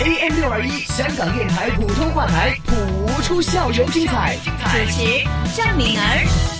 AM 六二一香港電台普通話台，普出校園精彩。主持：張敏兒。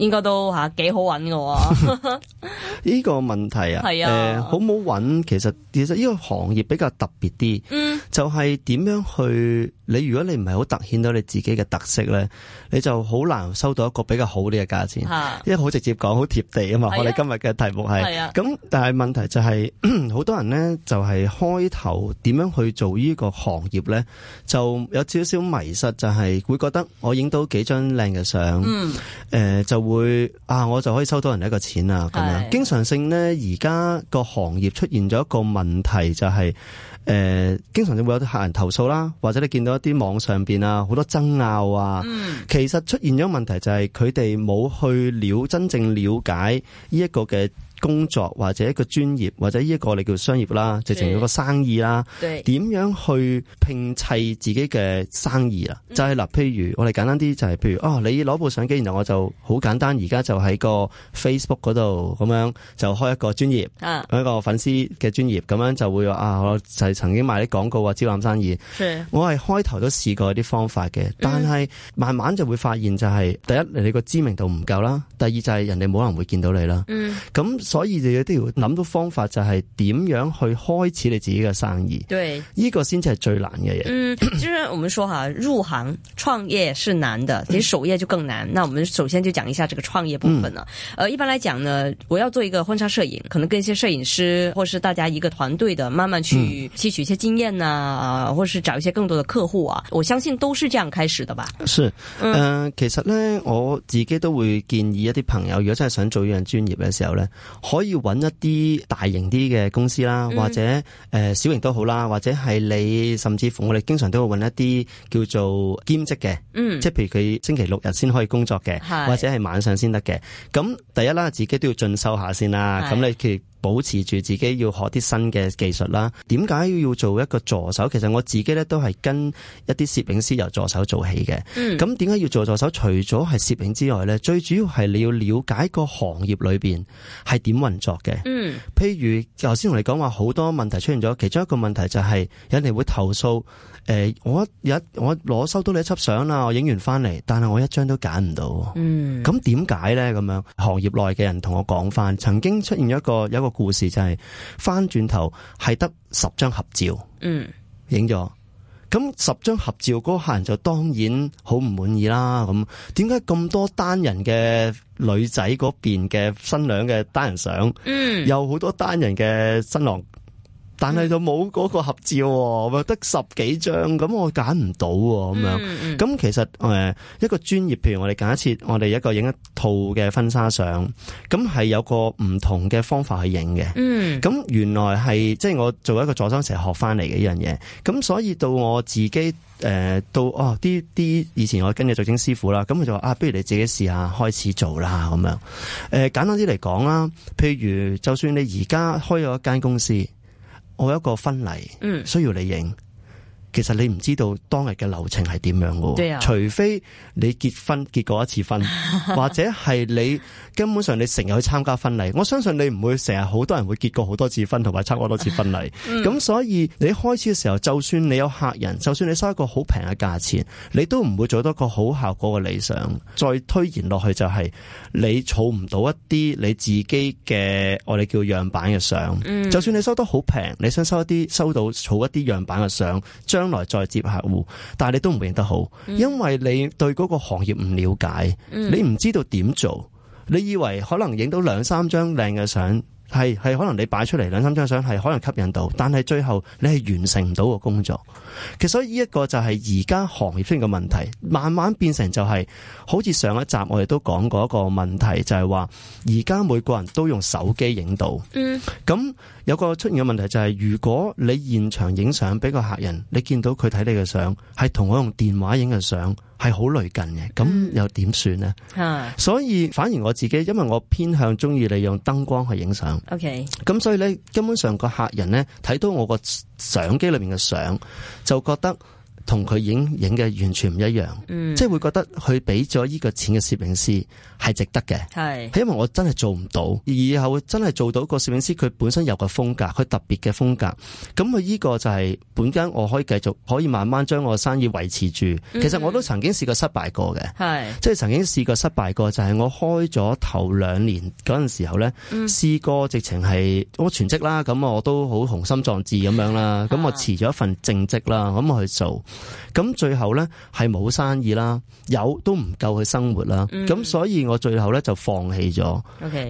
應該都吓幾好搵嘅，呢個問題啊，誒、啊欸，好唔好搵？其實其實呢個行業比較特別啲，嗯、就係點樣去。你如果你唔係好突顯到你自己嘅特色咧，你就好難收到一個比較好啲嘅價錢。啊、因為好直接講，好貼地啊嘛。啊我哋今日嘅題目係，咁、啊啊、但係問題就係、是、好多人呢就係、是、開頭點樣去做呢個行業呢，就有少少迷失，就係、是、會覺得我影到幾張靚嘅相，誒就會啊，我就可以收到人一個錢啊咁樣。經常性呢，而家個行業出現咗一個問題就係、是。誒、欸，經常你會有啲客人投訴啦，或者你見到一啲網上邊啊，好多爭拗啊、嗯，其實出現咗問題就係佢哋冇去了真正了解呢一個嘅。工作或者一個專業，或者呢、這、一個你叫商業啦，直情、就是、一個生意啦，點樣去拼砌自己嘅生意啊？就係、是、嗱、嗯，譬如我哋簡單啲、就是，就係譬如哦，你攞部相機，然後我就好簡單，而家就喺個 Facebook 度咁樣就開一個專業，啊、一個粉絲嘅專業，咁樣就會話啊，我就係曾經賣啲廣告啊，招攬生意。我係開頭都試過啲方法嘅，但係、嗯、慢慢就會發現就係、是、第一你個知名度唔夠啦，第二就係人哋冇可能會見到你啦。咁、嗯所以就有啲要諗到方法，就係點樣去開始你自己嘅生意。對，依、這個先至係最難嘅嘢。嗯，即係我們說吓入行創業是難的，其實守業就更難。嗯、那我們首先就講一下這個創業部分啦、嗯。呃，一般來講呢，我要做一個婚紗攝影，可能跟一些攝影師，或是大家一個團隊的，慢慢去吸取一些經驗啊，啊、呃，或是找一些更多的客戶啊，我相信都是這樣開始的吧。是，嗯、呃、其實呢，我自己都會建議一啲朋友，如果真係想做一樣專業嘅時候呢。可以揾一啲大型啲嘅公司啦，或者誒、呃、小型都好啦，或者係你甚至乎我哋經常都會揾一啲叫做兼職嘅、嗯，即係譬如佢星期六日先可以工作嘅，或者係晚上先得嘅。咁第一啦，自己都要進修下先啦。咁你其保持住自己要學啲新嘅技術啦。點解要做一個助手？其實我自己咧都係跟一啲攝影師由助手做起嘅。嗯，咁點解要做助手？除咗係攝影之外咧，最主要係你要了解個行業裏邊係點運作嘅。嗯，譬如頭先同你講話，好多問題出現咗，其中一個問題就係有人哋會投訴。誒、呃，我有一我攞收到你一輯相啦，我影完翻嚟，但係我一張都揀唔到。嗯，咁點解咧？咁樣行業內嘅人同我講翻，曾經出現一個有個。故事就係翻轉頭係得十張合照，嗯，影咗，咁十張合照嗰個客人就當然好唔滿意啦。咁點解咁多單人嘅女仔嗰邊嘅新娘嘅單人相，嗯，有好多單人嘅新郎。但係就冇嗰個合照，得、嗯、十幾張，咁我揀唔到咁樣。咁、嗯嗯、其實誒、呃，一個專業，譬如我哋假設我哋一個影一套嘅婚紗相，咁係有個唔同嘅方法去影嘅。咁、嗯、原來係即係我做一個助手時學翻嚟嘅一樣嘢。咁所以到我自己誒、呃，到哦啲啲以前我跟嘅做精師傅啦，咁佢就話啊，不如你自己試下開始做啦，咁樣。誒、呃，簡單啲嚟講啦，譬如就算你而家開咗一間公司。我有一個婚禮，嗯，需要你影。其實你唔知道當日嘅流程係點樣噶，除非你結婚結過一次婚，或者係你。根本上你成日去參加婚禮，我相信你唔會成日好多人會結過好多次婚，同埋參加多次婚禮，咁、 嗯、所以你開始嘅時候，就算你有客人，就算你收一個好平嘅價錢，你都唔會做到一個好效果嘅理想。再推延落去就係、是、你儲唔到一啲你自己嘅我哋叫樣板嘅相。就算你收得好平，你想收一啲收到儲一啲樣板嘅相，將來再接客戶，但係你都唔會影得好，嗯、因為你對嗰個行業唔了解，你唔知道點做。你以為可能影到兩三張靚嘅相，係係可能你擺出嚟兩三張相係可能吸引到，但係最後你係完成唔到個工作。其實所以呢一個就係而家行業出現嘅問題，慢慢變成就係、是，好似上一集我哋都講過一個問題，就係話而家每個人都用手機影到。嗯，咁有個出現嘅問題就係、是，如果你現場影相俾個客人，你見到佢睇你嘅相係同我用電話影嘅相。係好累近嘅，咁又點算呢、嗯啊？所以反而我自己，因為我偏向中意利用燈光去影相。Okay。咁所以呢，根本上個客人呢睇到我個相機裏面嘅相，就覺得，同佢影影嘅完全唔一樣，嗯、即係會覺得佢俾咗依個錢嘅攝影師係值得嘅，係因為我真係做唔到，而以後真係做到個攝影師佢本身有個風格，佢特別嘅風格，咁佢呢個就係本間我可以繼續可以慢慢將我嘅生意維持住、嗯。其實我都曾經試過失敗過嘅，係即係曾經試過失敗過就係、是、我開咗頭兩年嗰陣時候咧，試、嗯、過直情係我全職啦，咁我都好雄心壯志咁樣啦，咁我辭咗一份正職啦，咁我去做。咁最後呢，係冇生意啦，有都唔夠佢生活啦。咁、嗯、所以我最後呢，就放棄咗。咁、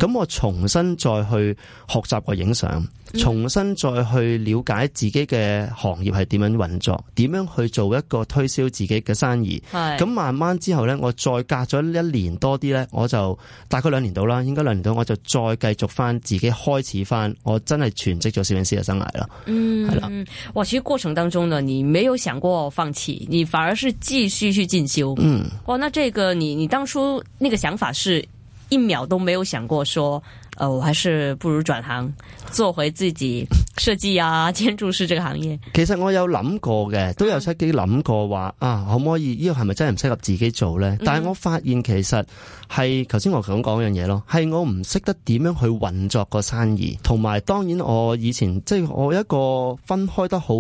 okay. 我重新再去學習個影相，重新再去了解自己嘅行業係點樣運作，點樣去做一個推銷自己嘅生意。咁慢慢之後呢，我再隔咗一年多啲呢，我就大概兩年到啦，應該兩年到，我就再繼續翻自己開始翻，我真係全職做攝影師嘅生涯啦。嗯，係啦。哇，其實過程當中呢，你沒有想過？放棄，你反而是繼續去進修。嗯，哦，那這個你你當初那個想法是一秒都沒有想過說。誒、呃，我還是不如轉行做回自己設計啊， 建築師這個行業。其實我有諗過嘅，都有自機諗過話啊，可唔可以？呢個係咪真係唔適合自己做呢？嗯，但係我發現其實係頭先我想講樣嘢咯，係我唔識得點樣去運作個生意，同埋當然我以前即係、就是、我一個分開得好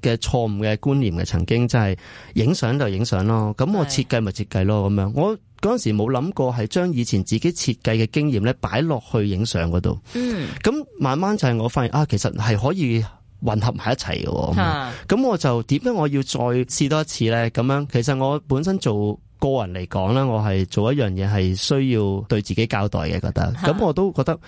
嘅錯誤嘅觀念嘅，曾經就係影相就影相咯，咁我設計咪設計咯，咁樣我。嗰陣時冇諗過係將以前自己設計嘅經驗咧擺落去影相嗰度，咁、嗯、慢慢就係我發現啊，其實係可以混合埋一齊嘅。咁、嗯、我就點解我要再試多一次咧？咁樣其實我本身做。個人嚟講啦，我係做一樣嘢係需要對自己交代嘅，覺得咁、啊、我都覺得誒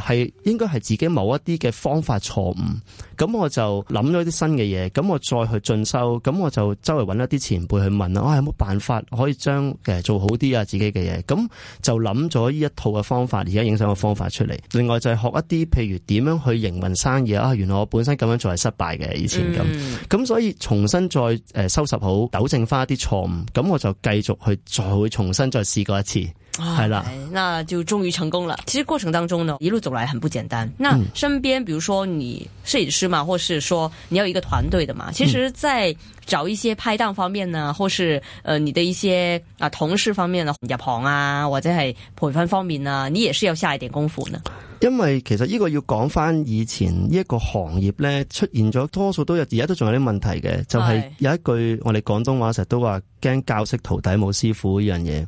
係、呃、應該係自己某一啲嘅方法錯誤，咁我就諗咗啲新嘅嘢，咁我再去進修，咁我就周圍揾一啲前輩去問啦，我、啊、有冇辦法可以將、啊、做好啲啊自己嘅嘢，咁就諗咗依一套嘅方法，而家影相嘅方法出嚟。另外就係學一啲譬如點樣去營運生意啊，原來我本身咁樣做係失敗嘅以前咁，咁、嗯、所以重新再收拾好糾正翻一啲錯誤，咁我就繼繼續去再會重新再試過一次，係啦，Oh, right. 那就終於成功了。其實過程當中呢，一路走來很不簡單。那身邊，嗯、比如說你攝影師嘛，或是說你要一個團隊的嘛，其實，在找一些拍檔方面呢，或是呃你的一些啊同事方面呢入行啊，或者係培訓方面呢，你也是要下一點功夫呢。因為其實呢個要講翻，以前呢一個行業咧，出現咗多數都有，而家都仲有啲問題嘅，就係有一句我哋廣東話成日都話，驚教識徒弟冇師傅呢樣嘢。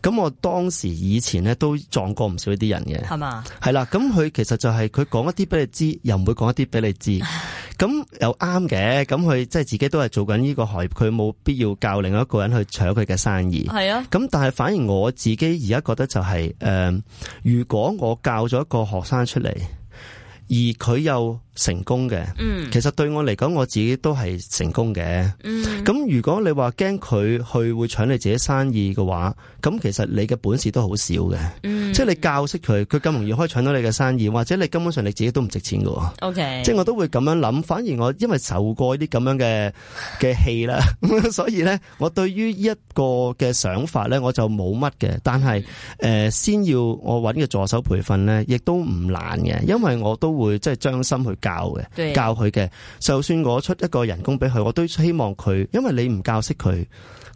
咁我當時以前咧，都撞過唔少呢啲人嘅，係嘛？係啦，咁佢其實就係佢講一啲俾你知，又唔會講一啲俾你知。 咁又啱嘅，咁佢即係自己都係做緊呢個行業，佢冇必要教另外一個人去搶佢嘅生意。係啊，咁但係反而我自己而家覺得就係、是，誒、呃，如果我教咗一個學生出嚟，而佢又。成功嘅，其實對我嚟講，我自己都係成功嘅。咁如果你話驚佢去會搶你自己生意嘅話，咁其實你嘅本事都好少嘅。嗯、即係你教識佢，佢咁容易可以搶到你嘅生意，或者你根本上你自己都唔值錢，ok，即係我都會咁樣諗，反而我因為受過啲咁樣嘅嘅氣啦， 所以咧，我對於一個嘅想法咧，我就冇乜嘅。但係誒、呃，先要我揾個助手培訓咧，亦都唔難嘅，因為我都會即係將心去。教嘅、啊、教佢嘅，就算我出一個人工俾佢，我都希望佢，因為你唔教識佢，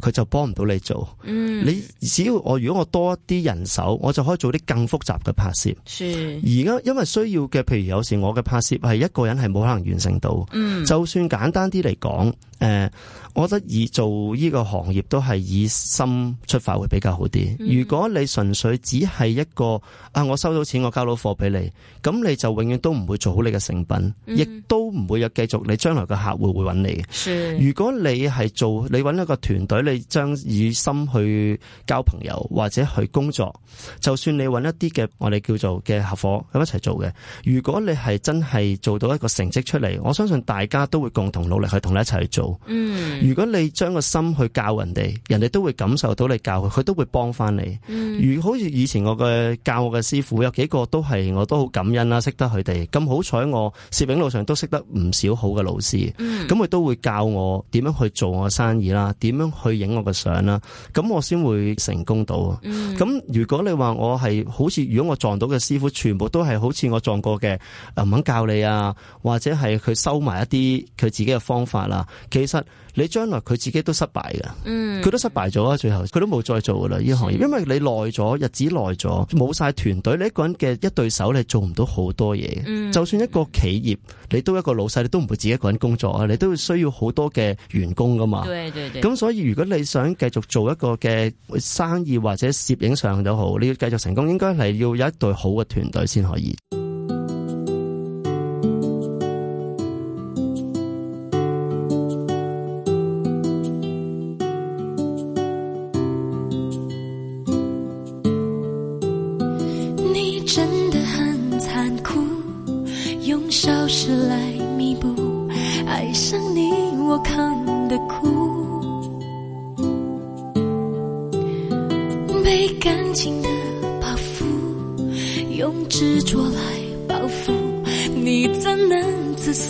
佢就幫唔到你做。嗯、你只要我如果我多一啲人手，我就可以做啲更複雜嘅拍攝。而家因為需要嘅，譬如有時我嘅拍攝係一個人係冇可能完成到。嗯、就算簡單啲嚟講。誒、uh，我覺得以做呢個行業都係以心出發會比較好啲。如果你純粹只係一個、mm. 啊，我收到錢我交到貨俾你，咁你就永遠都唔會做好你嘅成品，mm. 亦都唔會有繼續你將來嘅客戶會揾你。Mm. 如果你係做你揾一個團隊，你將以心去交朋友或者去工作，就算你揾一啲嘅我哋叫做嘅合夥咁一齊做嘅，如果你係真係做到一個成績出嚟，我相信大家都會共同努力去同你一齊去做。嗯，如果你將個心去教人哋，人哋都會感受到你教佢，佢都會幫翻你。如果好似以前我嘅教我嘅師傅，有幾個都係我都好感恩啦，識得佢哋。咁好彩我攝影路上都識得唔少好嘅老師，咁、嗯、佢都會教我點樣去做我生意啦，點樣去影我嘅相啦。咁我先會成功到。咁、嗯、如果你話我係好似如果我撞到嘅師傅，全部都係好似我撞過嘅，唔肯教你啊，或者係佢收埋一啲佢自己嘅方法啦、啊。其實你將來佢自己都失敗噶，佢、嗯、都失敗咗啊！最後佢都冇再做噶啦，呢行業，因為你耐咗日子耐咗，冇晒團隊，你一個人嘅一對手，你做唔到好多嘢、嗯、就算一個企業，你都一個老細，你都唔會自己一個人工作啊，你都會需要好多嘅員工噶嘛。對對、咁所以如果你想繼續做一個嘅生意或者攝影上都好，你要繼續成功，應該係要有一隊好嘅團隊先可以。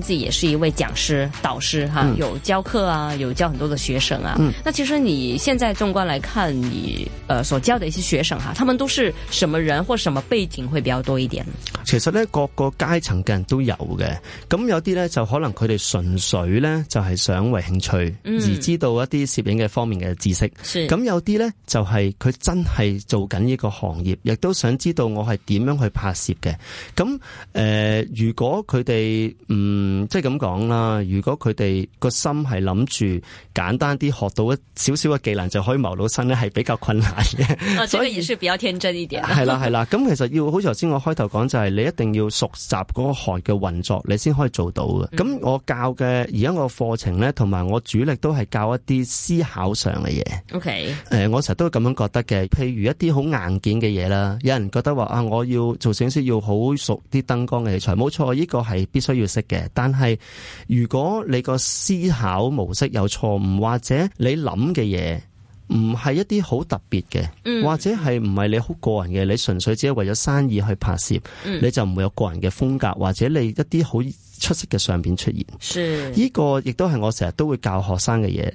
自己也是一位講師導師哈、嗯，有教課啊，有教很多的學生啊。嗯，那其實你現在縱觀來看，你呃所教的一些學生哈、啊，他們都是什麼人或什麼背景會比較多一點？其實咧，各個階層嘅人都有嘅。咁有啲咧就可能佢哋純粹咧就係、是、想為興趣、嗯、而知道一啲攝影嘅方面嘅知識。咁有啲咧就係、是、佢真係做緊呢個行業，亦都想知道我係點樣去拍攝嘅。咁誒、呃，如果佢哋唔嗯，即係咁講啦。如果佢哋個心係諗住簡單啲學到一少少嘅技能就可以謀到生咧，係比較困難嘅。 所以、啊這個也是比較天真一點。係啦係啦，咁其實要好似頭先我開頭講，就係、是、你一定要熟習嗰個學嘅運作，你先可以做到嘅。咁、嗯、我教嘅而家個課程咧，同埋我主力都係教一啲思考上嘅嘢。OK，誒、呃，我成日都咁樣覺得嘅。譬如一啲好硬件嘅嘢啦，有人覺得話啊，我要做攝影師要好熟啲燈光嘅器材，冇錯，呢、這個係必須要識嘅。但係，如果你個思考模式有錯誤，或者你諗嘅嘢唔係一啲好特別嘅，嗯、或者係唔係你好個人嘅，你純粹只係為咗生意去拍攝，你就唔會有個人嘅風格，或者你一啲好出色嘅相片出現，呢、這個亦都係我成日都會教學生嘅嘢。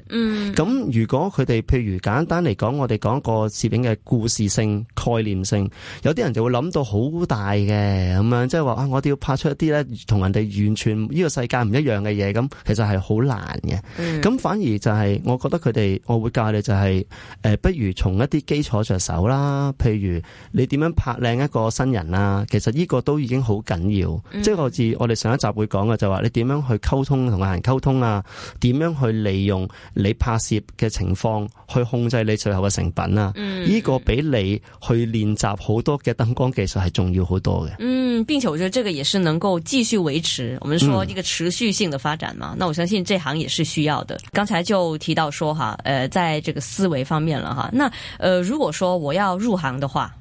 咁、嗯、如果佢哋，譬如簡單嚟講，我哋講一個攝影嘅故事性、概念性，有啲人就會諗到好大嘅咁樣，即係話啊，我哋要拍出一啲咧同人哋完全呢、這個世界唔一樣嘅嘢，咁其實係好難嘅。咁、嗯、反而就係、是、我覺得佢哋我會教你、就是，就係誒，不如從一啲基礎着手啦。譬如你點樣拍靚一個新人啦，其實呢個都已經好緊要。嗯、即係好似我哋上一集會講。講嘅就話、是、你點樣去溝通同埋人溝通啊？點樣去利用你拍攝嘅情況去控制你最後嘅成品啊？呢、嗯這個比你去練習好多嘅燈光技術係重要好多嘅。嗯，並且我覺得這個也是能夠繼續維持，我們說一個持續性的發展嘛。嗯、那我相信這行也是需要的。剛才就提到說哈，誒、呃，在這個思維方面啦，哈，那、呃，誒，如果說我要入行嘅話。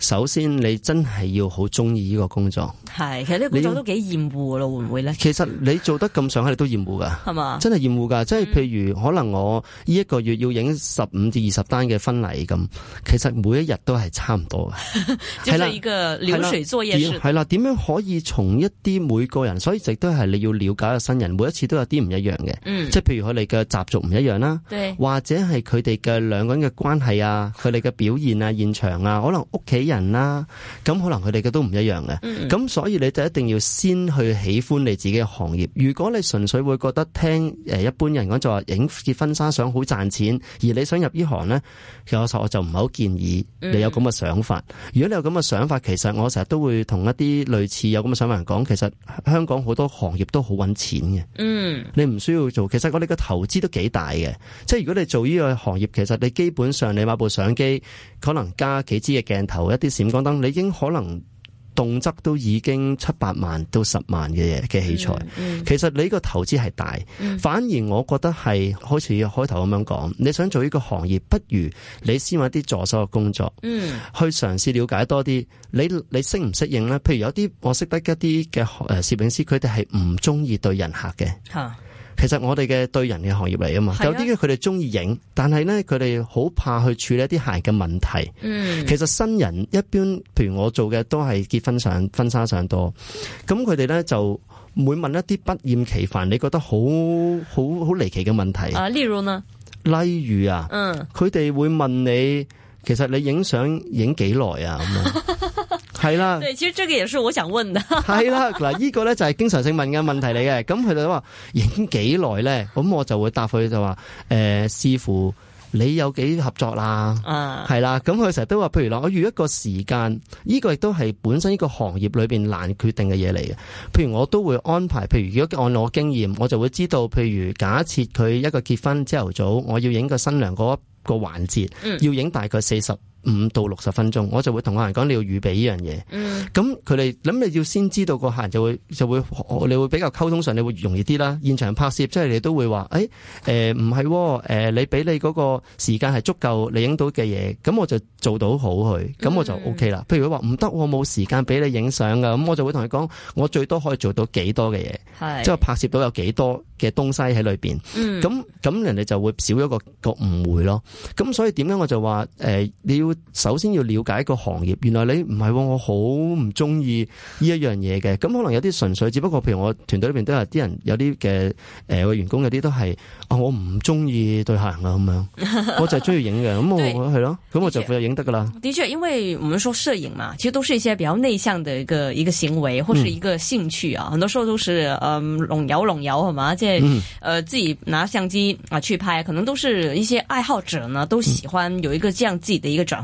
首先，你真係要好中意呢個工作，係其實呢個工作都幾厭惡噶咯，會唔會咧？其實你做得咁上下，你都厭惡噶，係嘛？真係厭惡噶，即係譬如、嗯、可能我呢一個月要影十五至二十單嘅婚禮咁，其實每一日都係差唔多嘅，係 啦，一個流水作業。係啦，點樣可以從一啲每個人，所以直都係你要了解嘅新人，每一次都有啲唔一樣嘅，嗯，即係譬如佢哋嘅習俗唔一樣啦，或者係佢哋嘅兩個人嘅關係啊，佢哋嘅表現啊、現場啊，可能屋企，人啦，啊，咁可能佢哋嘅都唔一樣嘅，咁所以你就一定要先去喜歡你自己嘅行業。如果你純粹會覺得聽誒一般人講就話影結婚紗相好賺錢，而你想入呢行呢，其實我就唔係好建議你有咁嘅想法。如果你有咁嘅想法，其實我成日都會同一啲類似有咁嘅想法人講，其實香港好多行業都好揾錢嘅。嗯，你唔需要做，其實我哋嘅投資都幾大嘅。即係如果你做呢個行業，其實你基本上你買部相機，可能加幾支嘅鏡頭。一啲閃光燈，你已經可能動輒都已經七八萬到十萬嘅嘅器材，嗯嗯。其實你個投資係大，嗯，反而我覺得係好似開頭咁樣講，你想做呢個行業，不如你先揾啲助手嘅工作，嗯、去嘗試了解多啲。你你適唔適應呢？譬如有啲我識得一啲嘅誒攝影師，佢哋係唔中意對人客嘅。啊其實我哋嘅對人嘅行業嚟啊嘛，就有啲佢哋中意影，但係咧佢哋好怕去處理一啲鞋嘅問題。嗯，其實新人一般，譬如我做嘅都係結婚相，婚紗相多，咁佢哋咧就會問一啲不厭其煩，你覺得好好好離奇嘅問題啊。例如呢？例如啊，嗯，佢哋會問你，其實你影相影幾耐啊？咁樣。 係啦，對，其實這個也是我想問的。係 啦，嗱，呢個咧就係經常性問嘅問題嚟嘅。咁佢都話影幾耐咧？咁我就會答佢就話，誒、呃，視乎你有幾合作啦、啊。啊，係啦。咁佢成日都話，譬如啦，我預一個時間，呢、這個亦都係本身呢個行業裏邊難決定嘅嘢嚟嘅。譬如我都會安排，譬如如果按我經驗，我就會知道，譬如假設佢一個結婚朝頭早，我要影個新娘嗰個環節，要影大概四十、嗯。五到六十分鐘，我就會同客人講，你要預備呢樣嘢。嗯。咁佢哋諗你要先知道個客人就會就會你會比較溝通上你會容易啲啦。現場拍攝即係你都會話，誒、哎，誒、呃，唔係，誒、呃，你俾你嗰個時間係足夠你影到嘅嘢，咁我就做到好去，咁我就 OK 啦。譬如佢話唔得，我冇時間俾你影相噶，咁我就會同佢講，我最多可以做到幾多嘅嘢，即係拍攝到有幾多嘅東西喺裏邊。嗯。咁咁人哋就會少一個一個誤會咯。咁所以點解我就話，誒、呃，你要。首先要了解一個行業，原來你唔係、哦、我好唔中意呢一樣嘢嘅，咁、嗯、可能有啲純粹，只不過譬如我團隊裏邊都有啲人有啲嘅誒個員工有啲都係啊、哦、我唔中意對客人啊咁樣，嗯、 我就中意影嘅，咁我係咯，咁 我就會有影得噶啦。的確，的確因為我們說攝影嘛，其實都是一些比較內向的一個一個行為或是一個興趣啊、嗯，很多時候都是嗯龍友龍友係嘛，即係誒自己拿相機啊去拍，可能都是一些愛好者呢都喜歡有一個這樣自己的一個轉。嗯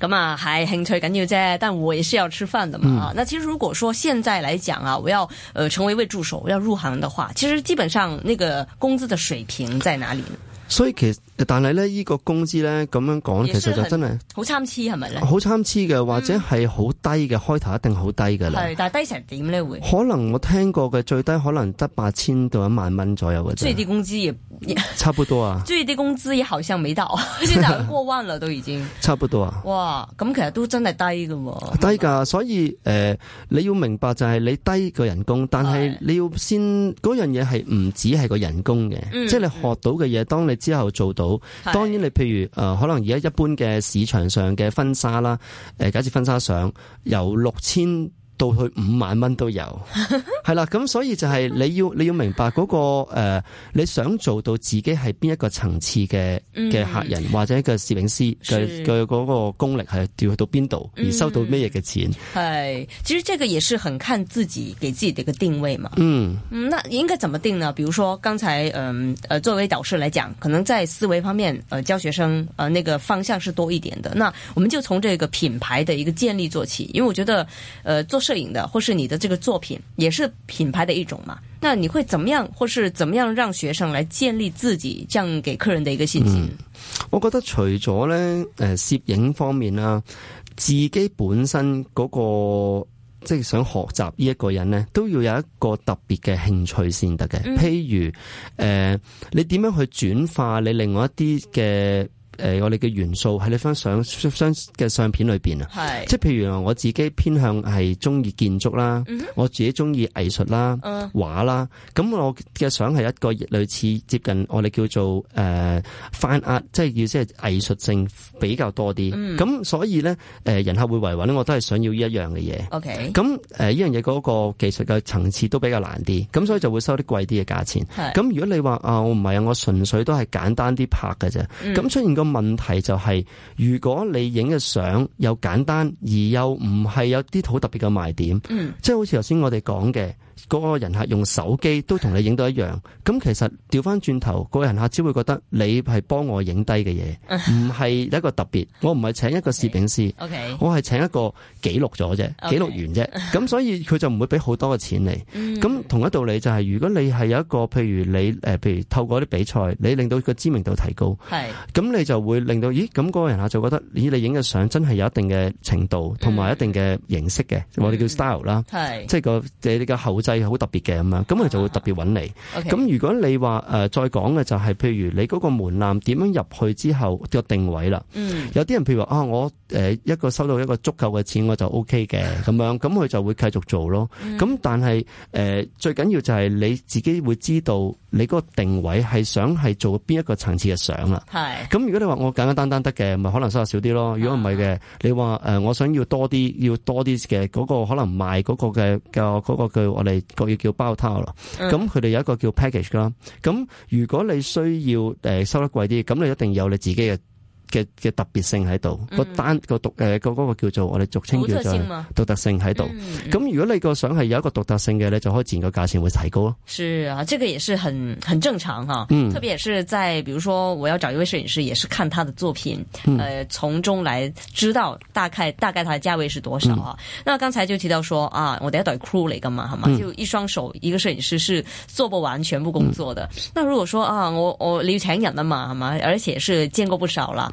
咁啊，係興趣緊要啫，但我也是要吃飯的嘛。啊、嗯，那其實如果說現在來講啊，我要呃成為一位助手，我要入行的話，其實基本上那個工資的水平在哪裏呢？所以其實。但係咧，呢、這個工資咧咁樣講，其實就真係好參差，係咪咧？好參差嘅，或者係好低嘅，嗯，開頭一定好低嘅啦。但係低成點咧會？可能我聽過嘅最低可能得八千到一萬蚊左右嘅啫。最低工資也差不多啊。最低工資也好像未到過萬啦都已經。 差不多啊。哇，咁其實都真係低噶，啊。低噶，所以誒、呃，你要明白就係你低個人工，但係你要先嗰樣嘢係唔止係個人工嘅，即係你學到嘅嘢，當你之後做到。好，當然你譬如誒、呃，可能而家一般嘅市場上嘅婚紗啦，假設婚紗相由六千，到去五萬蚊都有，係 啦，咁所以就係你要你要明白嗰、那個誒、呃，你想做到自己係邊一個層次嘅嘅、嗯、客人或者嘅攝影師嘅嘅嗰個功力係調去到邊度、嗯，而收到咩嘢嘅錢？係，其實這個也是很看自己給自己的一個定位嘛。嗯，嗯，那應該怎麼定呢？比如說剛才，嗯，誒，作為導師來講，可能在思維方面，誒、呃，教學生，誒、呃，那個方向是多一點的。那我們就從這個品牌的一個建立做起，因為我覺得，誒、呃，做。攝影的，或是你的這個作品，也是品牌的一種嘛？那你會怎麼樣，或是怎麼樣讓學生來建立自己這樣給客人的一個信心、嗯？我覺得除咗呢誒，攝、呃、影方面啦、啊，自己本身嗰、那個即係、就是、想學習呢一個人呢，都要有一個特別嘅興趣先得嘅、嗯。譬如誒、呃，你點樣去轉化你另外一啲嘅？誒、呃，我哋嘅元素喺你翻相相嘅相片裏邊啊，係、即係譬如我自己偏向係中意建築啦、嗯，我自己中意藝術啦、畫、啊、啦，咁我嘅相係一個類似接近我哋叫做誒泛壓，即係要即係藝術性比較多啲，咁、嗯、所以咧誒、呃、人客會維穩，我都係想要呢一樣嘅嘢。OK，咁誒呢樣嘢嗰個技術嘅層次都比較難啲，咁所以就會收啲貴啲嘅價錢。係、咁如果你話啊我唔係啊，我純粹都係簡單啲拍嘅啫，咁、嗯、出現個。問題就係、是，如果你影嘅相又簡單，而又唔係有啲好特別嘅賣點，嗯、即係好似頭先我哋講嘅。個人客用手機都同你影到一樣，咁其實調翻轉頭個人客只會覺得你係幫我影低嘅嘢，唔係一個特別，我唔係請一個攝影師，我係請一個記錄咗啫，記錄員啫。咁所以佢就唔會俾好多嘅錢你。咁同一道理就係、是，如果你係有一個譬如你誒，譬如透過啲比賽你令到個知名度提高，咁你就會令到，咦？咁個人客就覺得，咦？你影嘅相真係有一定嘅程度，同埋一定嘅形式嘅，嗯、我哋叫 style 啦，即係個你嘅後製好特別嘅咁樣，咁佢就會特別搵你。咁、啊 okay、如果你話、呃、再講嘅就係、是，譬如你嗰個門檻點樣入去之後個定位啦、嗯。有啲人譬如話啊，我誒一個收到一個足夠嘅錢我就 O K 嘅咁樣，咁佢就會繼續做咯。咁、嗯、但係誒、呃、最緊要就係你自己會知道你嗰個定位係想係做邊一個層次嘅相啦。係。咁如果你話我簡簡單單得嘅，咪可能收到少啲咯。如果唔係嘅，你話、呃、我想要多啲，要多啲嘅嗰個可能賣嗰個嘅嘅、嗰個嗰個嗰個嗰個、我哋。個要叫包套咯，咁佢哋有一個叫 package 啦。咁如果你需要誒收得貴啲，咁你一定有你自己嘅。嘅嘅特別性喺度，個、嗯、單個獨誒個嗰個叫做我哋俗稱叫做獨特性喺度。咁、嗯、如果你個相係有一個獨特性嘅，呢，就可以自然個價錢會提高咯、啊。是啊，這個也是很很正常哈、啊嗯。特別也是在，比如說我要找一位攝影師，也是看他的作品，誒、嗯呃，從中來知道大概大概他的價位是多少啊。嗯、那剛才就提到說啊，我哋一隊 crew 嚟㗎嘛，係嘛、嗯，就一雙手一個攝影師是做不完全部工作的。嗯、那如果說啊，我我要請人得嘛，係嘛，而且是見過不少啦。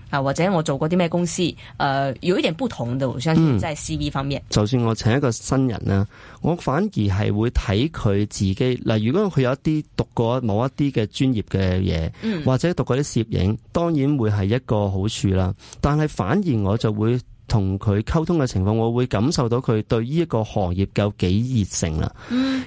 啊，或者我做過啲咩公司，誒、呃，有一點不同的，我相信即係 CV 方面，嗯。就算我請一個新人啦，我反而係會睇佢自己。嗱、呃，如果佢有一啲讀過某一啲嘅專業嘅嘢，嗯，或者讀過啲攝影，當然會係一個好處啦。但係反而我就會。同佢溝通嘅情況，我會感受到佢對呢一個行業有幾熱誠啦。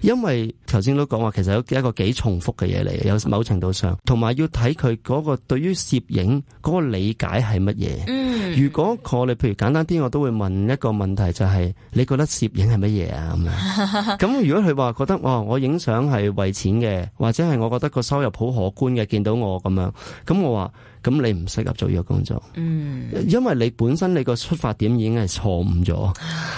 因為頭先都講話，其實有一個幾重複嘅嘢嚟，有某程度上，同埋要睇佢嗰個對於攝影嗰個理解係乜嘢。嗯，如果我哋譬如簡單啲，我都會問一個問題，就係你覺得攝影係乜嘢啊？咁樣咁，如果佢話覺得哇，哦，我影相係為錢嘅，或者係我覺得個收入好可觀嘅，見到我咁樣，咁我話。咁你唔適合做呢個工作。嗯，因為你本身你個出發點已經係錯誤咗。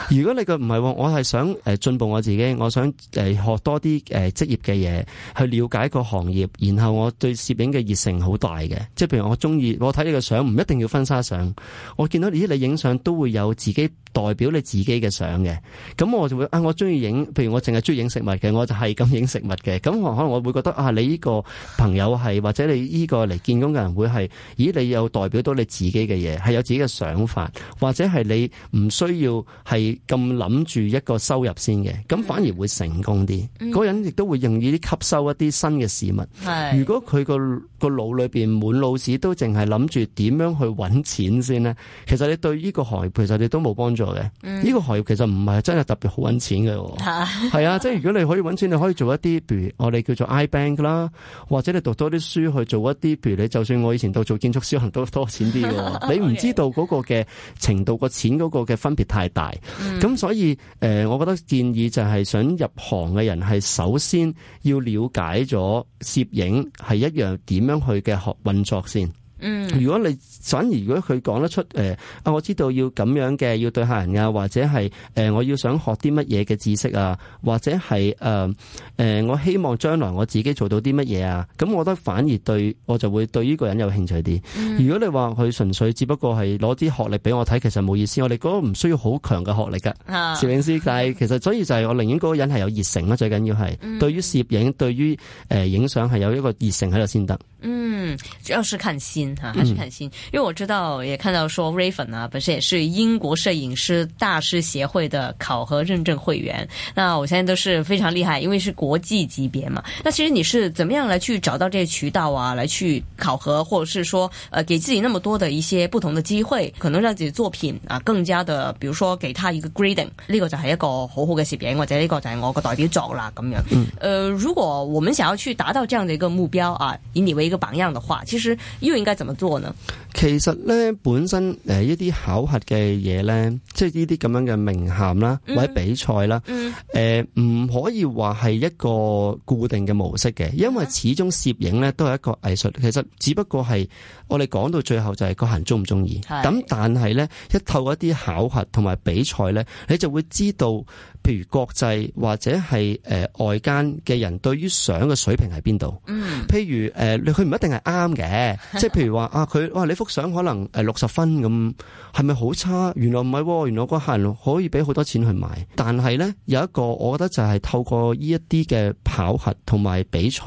如果你個唔係，我係想誒進步我自己，我想誒學多啲誒職業嘅嘢，去了解個行業，然後我對攝影嘅熱誠好大嘅，即係譬如我中意，我睇你個相唔一定要婚紗相，我見到咦你影相都會有自己。代表你自己嘅相嘅，咁我就會啊，我中意影，譬如我淨係中意影食物嘅，我就係咁影食物嘅。咁我可能我會覺得啊，你呢個朋友係，或者你呢個嚟見工嘅人會係，咦，你又代表到你自己嘅嘢，係有自己嘅想法，或者係你唔需要係咁諗住一個收入先嘅，咁反而會成功啲。嗰個人亦都會容易啲吸收一啲新嘅事物。係，如果佢個個腦裏邊滿腦子都淨係諗住點樣去搵錢先咧，其實你對呢個行業其實你都冇幫助。嘅、嗯、呢、這個行業其實唔係真係特別好揾錢嘅，係 啊，即係如果你可以搵錢，你可以做一啲，比如我哋叫做 I bank 啦，或者你讀多啲書去做一啲，譬如你就算我以前都做建築師行都多錢啲嘅， 你唔知道嗰個嘅程度的錢個錢嗰個嘅分別太大，咁 所以誒、呃，我覺得建議就係想入行嘅人係首先要了解咗攝影係一樣點樣去嘅學運作先。嗯，如果你反而如果佢講得出誒，啊、呃、我知道要咁樣嘅，要對客人啊，或者係誒、呃，我要想學啲乜嘢嘅知識啊，或者係誒誒，我希望將來我自己做到啲乜嘢啊，咁我覺得反而對我就會對呢個人有興趣啲、嗯。如果你話佢純粹只不過係攞啲學歷俾我睇，其實冇意思。我哋覺得唔需要好強嘅學歷噶、啊、攝影師，但係其實所以就係我寧願嗰個人係有熱誠啦，最緊要係、嗯、對於攝影，對於誒、呃、影相係有一個熱誠喺度先得。嗯，主要是勤啊，還是看心，因為我知道也看到說，Raven 啊，本身也是英國攝影師大師協會的考核認證會員。那我相信都是非常厲害，因為是國際級別嘛。那其實你是怎麼樣來去找到這些渠道啊，來去考核，或者是說呃，給自己那麼多的一些不同的機會，可能讓自己作品啊更加的，比如說給他一個 grading，呢個就係一個好好的攝影，或者呢個就係我嘅代表作啦咁樣。呃，如果我們想要去達到這樣的一個目標啊，以你為一個榜樣的話，其實又應該。怎麼做呢？其實咧，本身誒一啲考核嘅嘢咧，即係呢啲咁樣嘅名銜啦、嗯，或者比賽啦，誒、嗯、呃、唔可以話係一個固定嘅模式嘅，因為始終攝影咧都係一個藝術，其實只不過係我哋講到最後就係個人中唔中意。咁但係咧，一透過一啲考核同埋比賽咧，你就會知道。譬如國際或者係誒、呃、外間嘅人對於相嘅水平喺邊度？嗯，譬如誒，佢、呃、唔一定係啱嘅，即 係譬如話啊，佢哇，你幅相可能誒六十分咁，係咪好差？原來唔係喎，原來個客人可以俾好多錢去買。但係咧有一個，我覺得就係透過呢一啲嘅考核同埋比賽，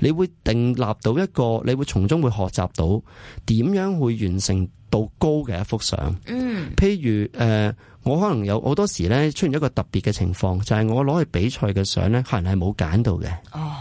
你會訂立到一個，你會從中會學習到點樣去完成。到高嘅一幅相，嗯，譬如誒、呃，我可能有好多時咧出現一個特別嘅情況，就係、是、我攞去比賽嘅相咧，客人係冇揀到嘅，哦，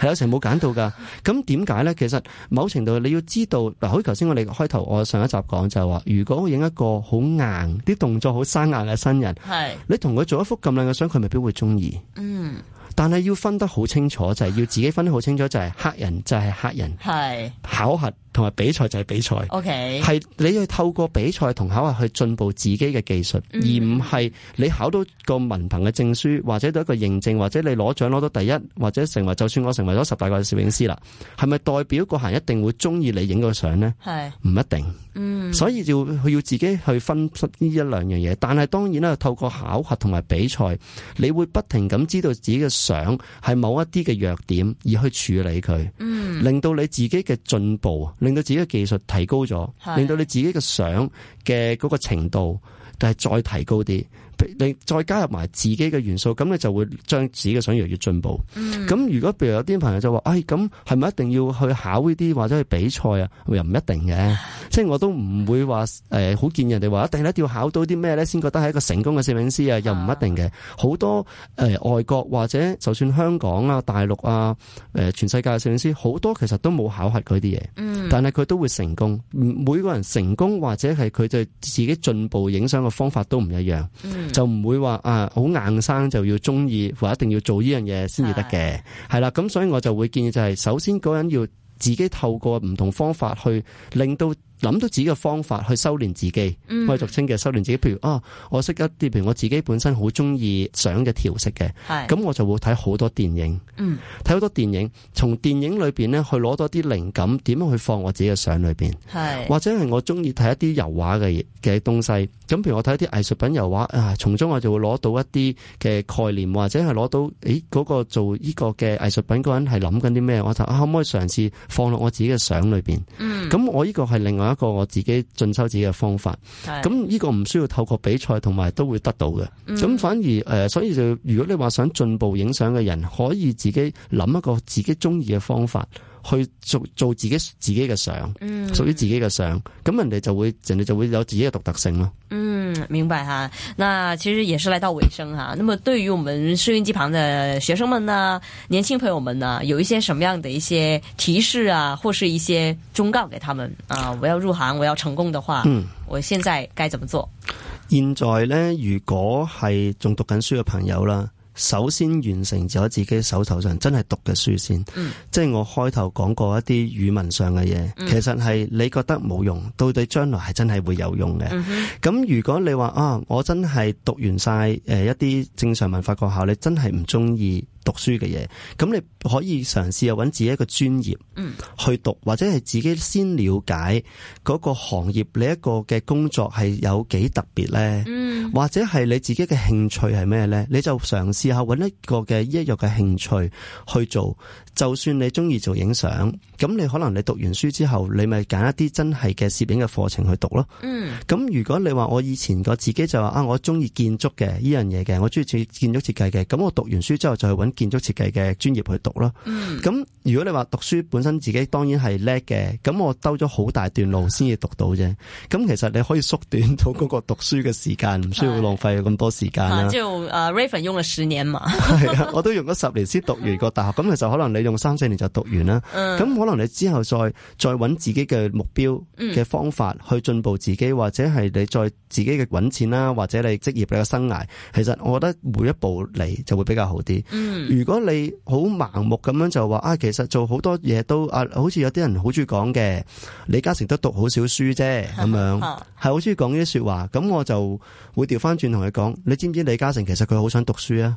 係有時冇揀到噶，咁點解咧？其實某程度你要知道，嗱，好似頭先我哋開頭我上一集講就話、是，如果我影一個好硬啲動作好生硬嘅新人，係，你同佢做一幅咁靚嘅相，佢未必會中意，嗯，但係要分得好清楚，就係、是、要自己分得好清楚，就係、是、客人就係客人，係考核。同埋比賽就係比賽，係、okay、你去透過比賽同考核去進步自己嘅技術，嗯、而唔係你考到個文憑嘅證書，或者到一個認證，或者你攞獎攞到第一，或者成為就算我成為咗十大個攝影師啦，係咪代表個行一定會中意你影個相咧？係唔一定，嗯，所以就要自己去分析呢一兩樣嘢。但係當然啦，透過考核同埋比賽，你會不停咁知道自己嘅相係某一啲嘅弱點，而去處理佢，嗯，令到你自己嘅進步。令到自己嘅技術提高咗，令到你自己嘅相嘅嗰個程度，但係再提高啲。你再加入埋自己嘅元素，咁你就會將自己嘅想要越嚟越進步。咁、嗯、如果譬如有啲朋友就話，哎，咁係咪一定要去考呢啲，或者去比賽啊？又唔一定嘅、嗯。即係我都唔會話好、呃、見人哋話一定一定要考到啲咩咧，先覺得係一個成功嘅攝影師啊？又唔一定嘅。好多、呃、外國或者就算香港啊、大陸啊、呃、全世界嘅攝影師，好多其實都冇考核佢啲嘢。但係佢都會成功。每個人成功或者係佢對自己進步影相嘅方法都唔一樣。嗯。就唔會話啊，好硬生就要鍾意，或者一定要做呢樣嘢先至得嘅，係啦。咁所以我就會建議就係、是，首先嗰個人要自己透過唔同方法去令到。諗到自己嘅方法去修煉自己，我哋俗稱嘅修煉自己。譬如啊、哦，我識一啲，譬如我自己本身好中意相嘅調色嘅，咁我就會睇好多電影，睇、嗯、好多電影，從電影裏邊咧去攞多啲靈感，點樣去放我自己嘅相裏邊，或者係我中意睇一啲油畫嘅嘅東西。咁譬如我睇一啲藝術品油畫啊，從中我就會攞到一啲嘅概念，或者係攞到誒嗰、那個做呢個嘅藝術品嗰人係諗緊啲咩，我就、啊、可唔可以嘗試放落我自己嘅相裏邊？咁、嗯、我呢個係另外一個我自己進修自己嘅方法，咁呢個唔需要透過比賽同埋都會得到嘅，咁、嗯、反而誒、呃，所以就如果你話想進步影相嘅人，可以自己諗一個自己中意嘅方法。去做做自己自己嘅相，嗯，屬於自己嘅相，咁人哋就會，人哋就會有自己嘅獨特性咯。嗯，明白吓。那其實也是來到尾聲哈。那麼對於我們收音機旁的學生們呢、啊、年輕朋友們呢、啊，有一些什麼樣的一些提示啊，或是一些忠告給他們啊？我要入行，我要成功的話，嗯、我現在該怎麼做？現在呢，如果係仲讀緊書嘅朋友啦。首先完成咗自己手頭上真係讀嘅書先、嗯，即係我開頭講過一啲語文上嘅嘢、嗯，其實係你覺得冇用，到底將來係真係會有用嘅。咁、嗯、如果你話啊，我真係讀完晒誒一啲正常文化學校，你真係唔中意讀書嘅嘢，咁你可以嘗試下揾自己一個專業去讀，嗯、或者係自己先了解嗰個行業你一個嘅工作係有幾特別咧、嗯，或者係你自己嘅興趣係咩咧，你就嘗試。然後揾一個嘅一樣嘅興趣去做，就算你中意做影相，咁你可能你讀完書之後，你咪揀一啲真係嘅攝影嘅課程去讀咯。嗯。咁如果你話我以前個自己就話啊，這個，我中意建築嘅呢樣嘢嘅，我中意建建築設計嘅，咁我讀完書之後就去揾建築設計嘅專業去讀咯。嗯。咁如果你話讀書本身自己當然係叻嘅，咁我兜咗好大段路先至讀到啫。咁其實你可以縮短到嗰個讀書嘅時間，唔需要浪費咁多時間啦。即係誒，Raven 用了十年。係 啊，我都用咗十年先讀完個大學，咁其實可能你用三四年就讀完啦。咁，嗯，可能你之後再再揾自己嘅目標嘅方法，嗯，去進步自己，或者係你再自己嘅揾錢啦，或者你職業嘅生涯，其實我覺得每一步嚟就會比較好啲，嗯。如果你好盲目咁樣就話啊，其實做好多嘢都啊，好似有啲人好中意講嘅，李嘉誠都讀好少書啫，係咪？係好中意講呢啲說話，咁我就會調翻轉同佢講，你知唔知李嘉誠其實佢好想讀書啊？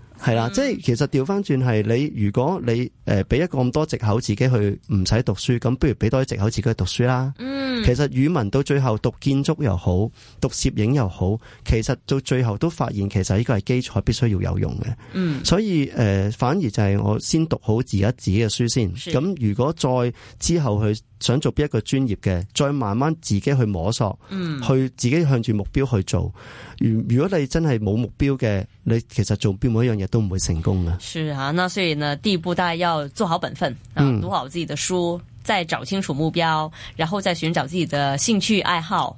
係啦、嗯，即係其實調翻轉係你，如果你誒俾、呃、一個咁多藉口自己去唔使讀書，咁不如俾多啲藉口自己去讀書啦。嗯，其實語文到最後讀建築又好，讀攝影又好，其實到最後都發現其實呢個係基礎必須要有用嘅。嗯，所以誒、呃、反而就係我先讀好自己自己嘅書先。咁如果再之後去想做邊一個專業嘅，再慢慢自己去摸索，去自己向住目標去做。如、呃、如果你真係冇目標嘅，你其實做邊每一樣嘢。都不會成功的。是啊，那所以呢，第一步大家要做好本分，啊，讀好自己的書，再找清楚目標，然後再尋找自己的興趣愛好。